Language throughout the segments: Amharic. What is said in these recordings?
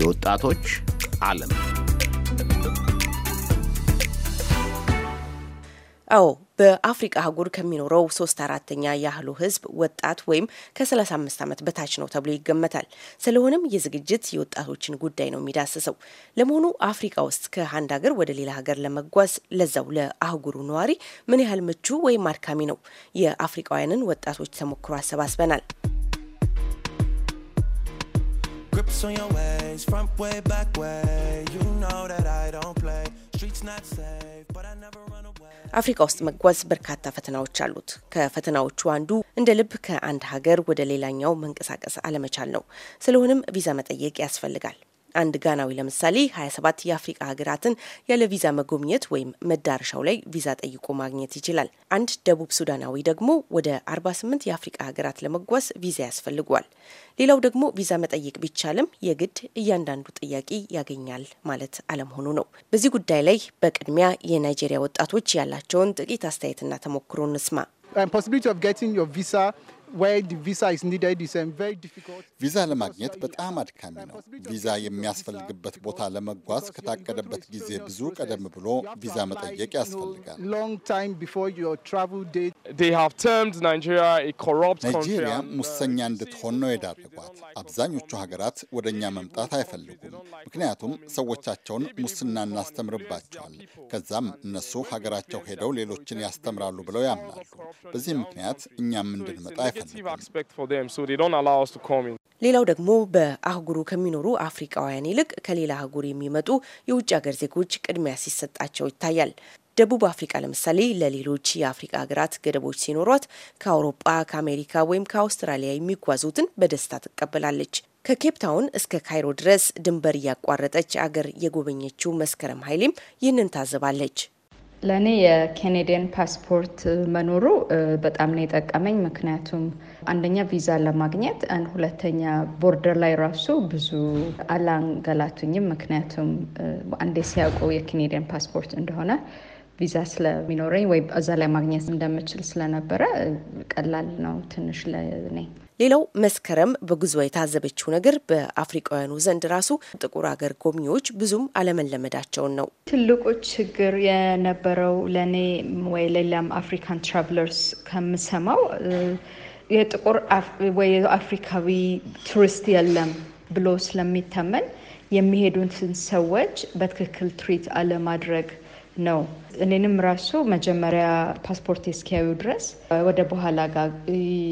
የወጣቶች ዓለም አዎ በአፍሪቃ አህጉር ከሚኖረው ሶስት አራተኛ ያህሉ ህዝብ ወጣት ወይም ከ35 ዓመት በታች ነው ተብሎ ይገመታል። ስለሆነም ይህ ዝግጅት የወጣቶችን ጉዳይ ነው የሚዳስሰው። ለመሆኑ አፍሪቃ ውስጥ ከአንድ ሀገር ወደ ሌላ ሀገር ለመጓዝ ለዛው ለአህጉሩ ነዋሪ ምን ያህል ምቹ ወይም አድካሚ ነው? የአፍሪቃውያንን ወጣቶች ተሞክሮ አሰባስበናል። tricks on your ways, front way, back way. You know that I don't play. Streets not safe, but I never run away. አፍሪካ ውስጥ መጓዝ በርካታ ፈተናዎች አሉት። ከፈተናዎቹ አንዱ እንደ ልብ ከአንድ ሀገር ወደ ሌላኛው መንቀሳቀስ አለመቻል ነው። ስለሆነም ቪዛ መጠየቅ ያስፈልጋል። አንድ ጋናዊ ለምሳሌ 27 የአፍሪቃ ሀገራትን ያለ ቪዛ መጎብኘት ወይም መዳረሻው ላይ ቪዛ ጠይቆ ማግኘት ይችላል። አንድ ደቡብ ሱዳናዊ ደግሞ ወደ 48 የአፍሪቃ ሀገራት ለመጓዝ ቪዛ ያስፈልጓል። ሌላው ደግሞ ቪዛ መጠየቅ ቢቻልም የግድ እያንዳንዱ ጥያቄ ያገኛል ማለት አለመሆኑ ነው። በዚህ ጉዳይ ላይ በቅድሚያ የናይጄሪያ ወጣቶች ያላቸውን ጥቂት አስተያየትና ተሞክሮ እንስማ። Um, ቪዛ ለማግኘት በጣም አድካሚ ነው። ቪዛ የሚያስፈልግበት ቦታ ለመጓዝ ከታቀደበት ጊዜ ብዙ ቀደም ብሎ ቪዛ መጠየቅ ያስፈልጋል። ናይጄሪያ uh, ሙሰኛ እንድትሆን ነው የዳረጓት። አብዛኞቹ ሀገራት ወደ እኛ መምጣት አይፈልጉም፣ ምክንያቱም ሰዎቻቸውን ሙስና እናስተምርባቸዋል፣ ከዛም እነሱ ሀገራቸው ሄደው ሌሎችን ያስተምራሉ ብለው ያምናሉ። በዚህ ምክንያት እኛም እንድንመጣ ሌላው ደግሞ በአህጉሩ ከሚኖሩ አፍሪቃውያን ይልቅ ከሌላ አህጉር የሚመጡ የውጭ ሀገር ዜጎች ቅድሚያ ሲሰጣቸው ይታያል። ደቡብ አፍሪቃ ለምሳሌ ለሌሎች የአፍሪቃ ሀገራት ገደቦች ሲኖሯት ከአውሮጳ ከአሜሪካ ወይም ከአውስትራሊያ የሚጓዙትን በደስታ ትቀበላለች። ከኬፕ ታውን እስከ ካይሮ ድረስ ድንበር እያቋረጠች አገር የጎበኘችው መስከረም ኃይሌም ይህንን ታዘባለች። ለእኔ የኬኔዲያን ፓስፖርት መኖሩ በጣም ነው የጠቀመኝ። ምክንያቱም አንደኛ ቪዛ ለማግኘት፣ ሁለተኛ ቦርደር ላይ ራሱ ብዙ አላንገላቱኝም። ምክንያቱም አንዴ ሲያውቁ የኬኔዲያን ፓስፖርት እንደሆነ ቪዛ ስለሚኖረኝ ወይ እዛ ላይ ማግኘት እንደምችል ስለነበረ ቀላል ነው ትንሽ ለኔ። ሌላው መስከረም በጉዞ የታዘበችው ነገር በአፍሪቃውያኑ ዘንድ ራሱ ጥቁር አገር ጎብኚዎች ብዙም አለመለመዳቸውን ነው። ትልቁ ችግር የነበረው ለእኔ ወይ ሌላም አፍሪካን ትራቭለርስ ከምሰማው የጥቁር ወይ አፍሪካዊ ቱሪስት የለም ብሎ ስለሚታመን የሚሄዱትን ሰዎች በትክክል ትሪት አለማድረግ ነው። እኔንም ራሱ መጀመሪያ ፓስፖርት እስኪያዩ ድረስ ወደ በኋላ ጋር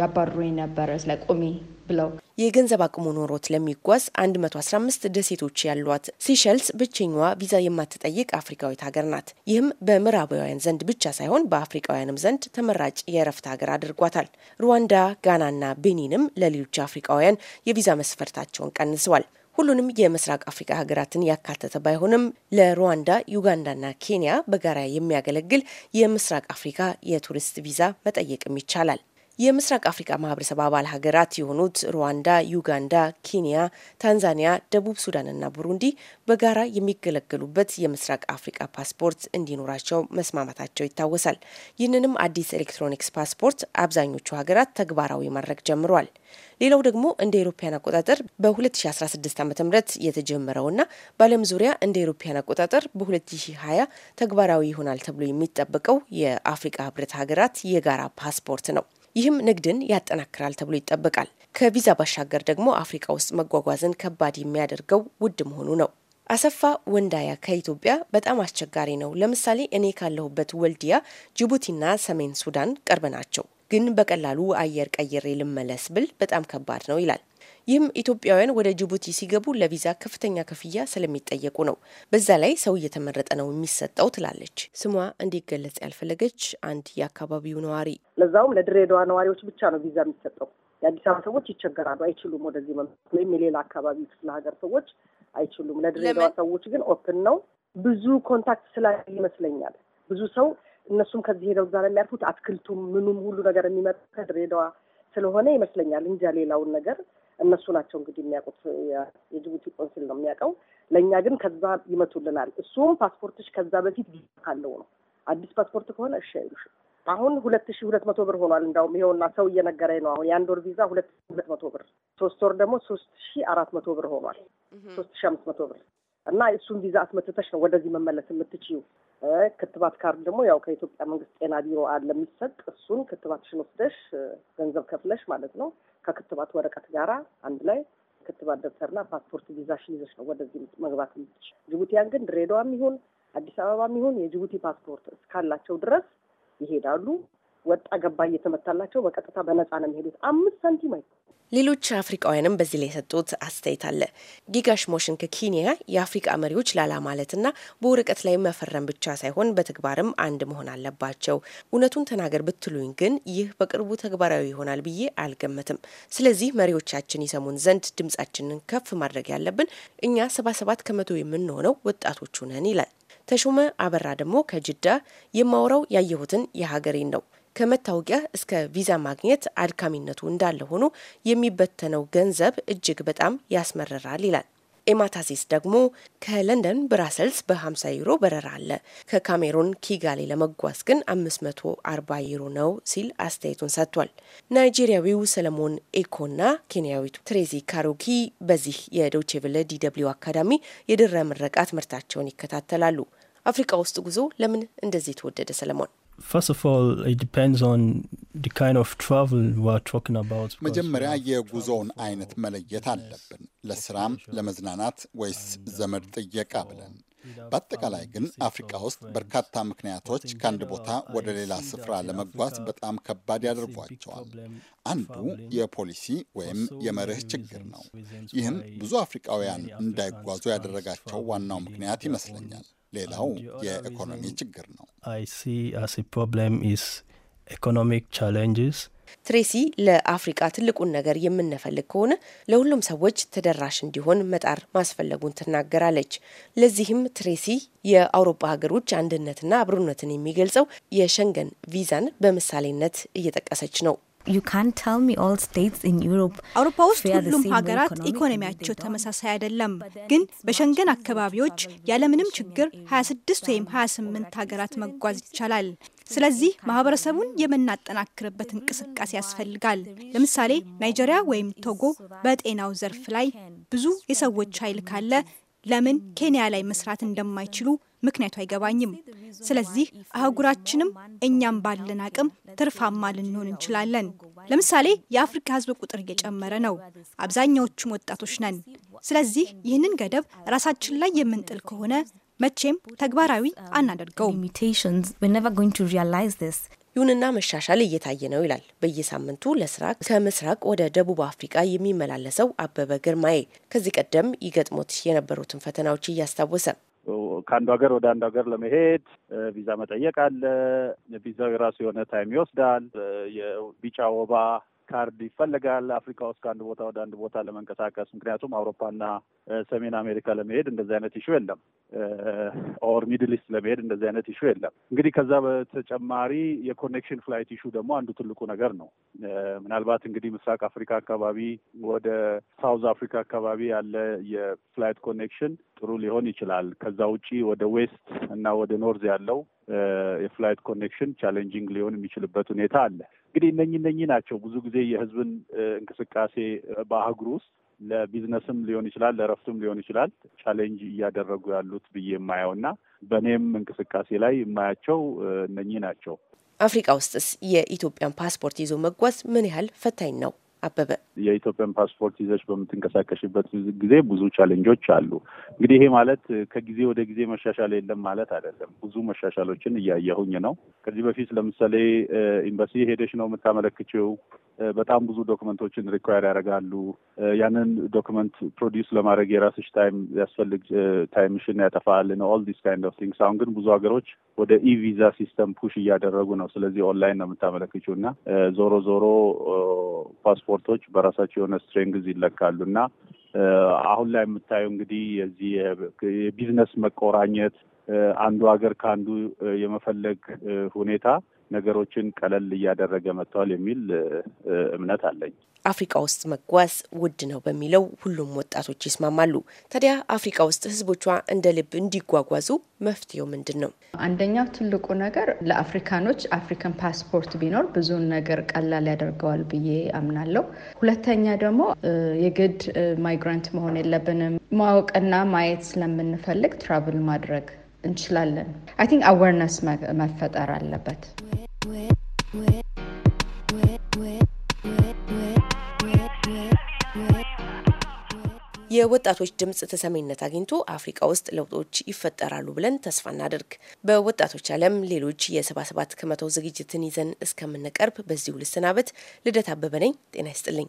ያባሩኝ ነበረ ስለቆሚ ብለው የገንዘብ አቅሙ ኖሮት ለሚጓዝ 115 ደሴቶች ያሏት ሲሸልስ ብቸኛዋ ቪዛ የማትጠይቅ አፍሪካዊት ሀገር ናት። ይህም በምዕራባውያን ዘንድ ብቻ ሳይሆን በአፍሪካውያንም ዘንድ ተመራጭ የእረፍት ሀገር አድርጓታል። ሩዋንዳ፣ ጋናና ቤኒንም ለሌሎች አፍሪካውያን የቪዛ መስፈርታቸውን ቀንሰዋል። ሁሉንም የምስራቅ አፍሪካ ሀገራትን ያካተተ ባይሆንም ለሩዋንዳ፣ ዩጋንዳና ኬንያ በጋራ የሚያገለግል የምስራቅ አፍሪካ የቱሪስት ቪዛ መጠየቅም ይቻላል። የምስራቅ አፍሪካ ማህበረሰብ አባል ሀገራት የሆኑት ሩዋንዳ፣ ዩጋንዳ፣ ኬንያ፣ ታንዛኒያ፣ ደቡብ ሱዳን እና ቡሩንዲ በጋራ የሚገለገሉበት የምስራቅ አፍሪካ ፓስፖርት እንዲኖራቸው መስማማታቸው ይታወሳል። ይህንንም አዲስ ኤሌክትሮኒክስ ፓስፖርት አብዛኞቹ ሀገራት ተግባራዊ ማድረግ ጀምሯል። ሌላው ደግሞ እንደ ኤሮፓያን አቆጣጠር በ2016 ዓ ም የተጀመረውና በዓለም ዙሪያ እንደ ኤሮፓያን አቆጣጠር በ2020 ተግባራዊ ይሆናል ተብሎ የሚጠበቀው የአፍሪካ ህብረት ሀገራት የጋራ ፓስፖርት ነው። ይህም ንግድን ያጠናክራል ተብሎ ይጠበቃል። ከቪዛ ባሻገር ደግሞ አፍሪካ ውስጥ መጓጓዝን ከባድ የሚያደርገው ውድ መሆኑ ነው። አሰፋ ወንዳያ ከኢትዮጵያ በጣም አስቸጋሪ ነው። ለምሳሌ እኔ ካለሁበት ወልዲያ ጅቡቲና ሰሜን ሱዳን ቅርብ ናቸው፣ ግን በቀላሉ አየር ቀይሬ ልመለስ ብል በጣም ከባድ ነው ይላል። ይህም ኢትዮጵያውያን ወደ ጅቡቲ ሲገቡ ለቪዛ ከፍተኛ ክፍያ ስለሚጠየቁ ነው። በዛ ላይ ሰው እየተመረጠ ነው የሚሰጠው ትላለች ስሟ እንዲገለጽ ያልፈለገች አንድ የአካባቢው ነዋሪ። ለዛውም ለድሬዳዋ ነዋሪዎች ብቻ ነው ቪዛ የሚሰጠው። የአዲስ አበባ ሰዎች ይቸገራሉ፣ አይችሉም። ወደዚህ መምጣት ወይም የሌላ አካባቢ ክፍለ ሀገር ሰዎች አይችሉም። ለድሬዳዋ ሰዎች ግን ኦፕን ነው። ብዙ ኮንታክት ስላለ ይመስለኛል ብዙ ሰው እነሱም ከዚህ ሄደው እዛ የሚያርፉት። አትክልቱም ምኑም ሁሉ ነገር የሚመጡ ከድሬዳዋ ስለሆነ ይመስለኛል እንጃ ሌላውን ነገር እነሱ ናቸው እንግዲህ የሚያውቁት። የጅቡቲ ቆንስል ነው የሚያውቀው። ለእኛ ግን ከዛ ይመቱልናል። እሱም ፓስፖርትሽ ከዛ በፊት ካለው ነው። አዲስ ፓስፖርት ከሆነ እሺ አይሉሽ። አሁን ሁለት ሺ ሁለት መቶ ብር ሆኗል። እንዳውም ይሄውና ሰው እየነገረ ነው። አሁን የአንድ ወር ቪዛ ሁለት ሺ ሁለት መቶ ብር፣ ሶስት ወር ደግሞ ሶስት ሺ አራት መቶ ብር ሆኗል። ሶስት ሺ አምስት መቶ ብር እና እሱን ቪዛ አስመትተሽ ነው ወደዚህ መመለስ የምትችዩ። ክትባት ካርድ ደግሞ ያው ከኢትዮጵያ መንግስት ጤና ቢሮ አለ የሚሰጥ እሱን ክትባትሽን ወስደሽ ገንዘብ ከፍለሽ ማለት ነው ከክትባት ወረቀት ጋር አንድ ላይ ክትባት ደብተርና ፓስፖርት ቪዛሽን ይዘሽ ነው ወደዚህ መግባት የምትችል። ጅቡቲያን ግን ድሬዳዋም ይሁን አዲስ አበባም ይሁን የጅቡቲ ፓስፖርት እስካላቸው ድረስ ይሄዳሉ። ወጣ ገባ እየተመታላቸው በቀጥታ በነፃ ነው የሚሄዱት። አምስት ሳንቲም አይ ሌሎች አፍሪቃውያንም በዚህ ላይ የሰጡት አስተያየት አለ። ጊጋሽ ሞሽን ከኬንያ የአፍሪቃ መሪዎች ላላ ማለትና በወረቀት ላይ መፈረም ብቻ ሳይሆን በተግባርም አንድ መሆን አለባቸው። እውነቱን ተናገር ብትሉኝ ግን ይህ በቅርቡ ተግባራዊ ይሆናል ብዬ አልገመትም። ስለዚህ መሪዎቻችን ይሰሙን ዘንድ ድምጻችንን ከፍ ማድረግ ያለብን እኛ ሰባ ሰባት ከመቶ የምንሆነው ወጣቶቹ ነን ይላል። ተሾመ አበራ ደግሞ ከጅዳ የማውራው ያየሁትን የሀገሬን ነው። ከመታወቂያ እስከ ቪዛ ማግኘት አድካሚነቱ እንዳለ ሆኖ የሚበተነው ገንዘብ እጅግ በጣም ያስመረራል ይላል። ኤማታሲስ ደግሞ ከለንደን ብራሰልስ በ50 ዩሮ በረራ አለ። ከካሜሩን ኪጋሌ ለመጓዝ ግን 540 ዩሮ ነው ሲል አስተያየቱን ሰጥቷል። ናይጄሪያዊው ሰለሞን ኤኮና ኬንያዊቱ ትሬዚ ካሮኪ በዚህ የዶቼ ዲደብሊው አካዳሚ የድረ ምረቃ ትምህርታቸውን ይከታተላሉ። አፍሪካ ውስጥ ጉዞ ለምን እንደዚህ ተወደደ? ሰለሞን First of all, it depends on the kind of travel talking about. መጀመሪያ uh, የጉዞውን አይነት መለየት አለብን። ለስራም፣ ለመዝናናት ወይስ ዘመድ ጥየቃ ብለን። በአጠቃላይ ግን አፍሪካ ውስጥ በርካታ ምክንያቶች ከአንድ ቦታ ወደ ሌላ ስፍራ ለመጓዝ በጣም ከባድ ያደርጓቸዋል። አንዱ የፖሊሲ ወይም የመርህ ችግር ነው። ይህም ብዙ አፍሪካውያን እንዳይጓዙ ያደረጋቸው ዋናው ምክንያት ይመስለኛል። ሌላው የኢኮኖሚ ችግር ነው። ትሬሲ ለአፍሪቃ ትልቁን ነገር የምንፈልግ ከሆነ ለሁሉም ሰዎች ተደራሽ እንዲሆን መጣር ማስፈለጉን ትናገራለች። ለዚህም ትሬሲ የአውሮፓ ሀገሮች አንድነትና አብሮነትን የሚገልጸው የሸንገን ቪዛን በምሳሌነት እየጠቀሰች ነው። አውሮፓ ውስጥ ሁሉም ሀገራት ኢኮኖሚያቸው ተመሳሳይ አይደለም፣ ግን በሸንገን አካባቢዎች ያለምንም ችግር 26 ወይም 28 ሀገራት መጓዝ ይቻላል። ስለዚህ ማህበረሰቡን የምናጠናክርበት እንቅስቃሴ ያስፈልጋል። ለምሳሌ ናይጀሪያ ወይም ቶጎ በጤናው ዘርፍ ላይ ብዙ የሰዎች ኃይል ካለ ለምን ኬንያ ላይ መስራት እንደማይችሉ ምክንያቱ አይገባኝም። ስለዚህ አህጉራችንም እኛም ባለን አቅም ትርፋማ ልንሆን እንችላለን። ለምሳሌ የአፍሪካ ሕዝብ ቁጥር እየጨመረ ነው። አብዛኛዎቹም ወጣቶች ነን። ስለዚህ ይህንን ገደብ ራሳችን ላይ የምንጥል ከሆነ መቼም ተግባራዊ አናደርገውም። ይሁንና መሻሻል እየታየ ነው ይላል በየሳምንቱ ለስራ ከምስራቅ ወደ ደቡብ አፍሪቃ የሚመላለሰው አበበ ግርማዬ ከዚህ ቀደም ይገጥሞት የነበሩትን ፈተናዎች እያስታወሰ ከአንዱ ሀገር ወደ አንዱ ሀገር ለመሄድ ቪዛ መጠየቅ አለ። ቪዛው የራሱ የሆነ ታይም ይወስዳል። የቢጫ ወባ ካርድ ይፈለጋል። አፍሪካ ውስጥ ከአንድ ቦታ ወደ አንድ ቦታ ለመንቀሳቀስ ምክንያቱም አውሮፓና ሰሜን አሜሪካ ለመሄድ እንደዚህ አይነት ኢሹ የለም። ኦር ሚድል ኢስት ለመሄድ እንደዚህ አይነት ኢሹ የለም። እንግዲህ ከዛ በተጨማሪ የኮኔክሽን ፍላይት ኢሹ ደግሞ አንዱ ትልቁ ነገር ነው። ምናልባት እንግዲህ ምስራቅ አፍሪካ አካባቢ ወደ ሳውዝ አፍሪካ አካባቢ ያለ የፍላይት ኮኔክሽን ጥሩ ሊሆን ይችላል። ከዛ ውጪ ወደ ዌስት እና ወደ ኖርዝ ያለው የፍላይት ኮኔክሽን ቻሌንጂንግ ሊሆን የሚችልበት ሁኔታ አለ። እንግዲህ እነኚህ እነኚህ ናቸው ብዙ ጊዜ የህዝብን እንቅስቃሴ በአህጉር ውስጥ ለቢዝነስም ሊሆን ይችላል፣ ለእረፍትም ሊሆን ይችላል ቻሌንጅ እያደረጉ ያሉት ብዬ የማየው እና በእኔም እንቅስቃሴ ላይ የማያቸው እነኚህ ናቸው። አፍሪቃ ውስጥስ የኢትዮጵያን ፓስፖርት ይዞ መጓዝ ምን ያህል ፈታኝ ነው? አበበ የኢትዮጵያን ፓስፖርት ይዘሽ በምትንቀሳቀሽበት ጊዜ ብዙ ቻሌንጆች አሉ። እንግዲህ ይሄ ማለት ከጊዜ ወደ ጊዜ መሻሻል የለም ማለት አይደለም። ብዙ መሻሻሎችን እያየሁኝ ነው። ከዚህ በፊት ለምሳሌ ኤምባሲ ሄደሽ ነው የምታመለክችው። በጣም ብዙ ዶክመንቶችን ሪኳየር ያደርጋሉ። ያንን ዶክመንት ፕሮዲውስ ለማድረግ የራስሽ ታይም ያስፈልግ ታይምሽን ያጠፋል ነው ኦል ዲስ ካይንድ ኦፍ ቲንግስ። አሁን ግን ብዙ ሀገሮች ወደ ኢቪዛ ሲስተም ፑሽ እያደረጉ ነው። ስለዚህ ኦንላይን ነው የምታመለክችው እና ዞሮ ዞሮ ፓስፖርቶች በራሳቸው የሆነ ስትሬንግዝ ይለካሉ እና አሁን ላይ የምታየው እንግዲህ የዚህ የቢዝነስ መቆራኘት አንዱ ሀገር ከአንዱ የመፈለግ ሁኔታ ነገሮችን ቀለል እያደረገ መጥተዋል የሚል እምነት አለኝ። አፍሪቃ ውስጥ መጓዝ ውድ ነው በሚለው ሁሉም ወጣቶች ይስማማሉ። ታዲያ አፍሪቃ ውስጥ ህዝቦቿ እንደ ልብ እንዲጓጓዙ መፍትሄው ምንድን ነው? አንደኛው ትልቁ ነገር ለአፍሪካኖች አፍሪካን ፓስፖርት ቢኖር ብዙን ነገር ቀላል ያደርገዋል ብዬ አምናለሁ። ሁለተኛ ደግሞ የግድ ማይግራንት መሆን የለብንም። ማወቅና ማየት ስለምንፈልግ ትራቭል ማድረግ እንችላለን። አይ ቲንክ አዌርነስ መፈጠር አለበት። የወጣቶች ድምፅ ተሰሚነት አግኝቶ አፍሪካ ውስጥ ለውጦች ይፈጠራሉ ብለን ተስፋ እናደርግ። በወጣቶች ዓለም ሌሎች የ ከመቶ ዝግጅትን ይዘን እስከምንቀርብ በዚሁ ልሰናበት። ልደት አበበ ነኝ። ጤና ይስጥልኝ።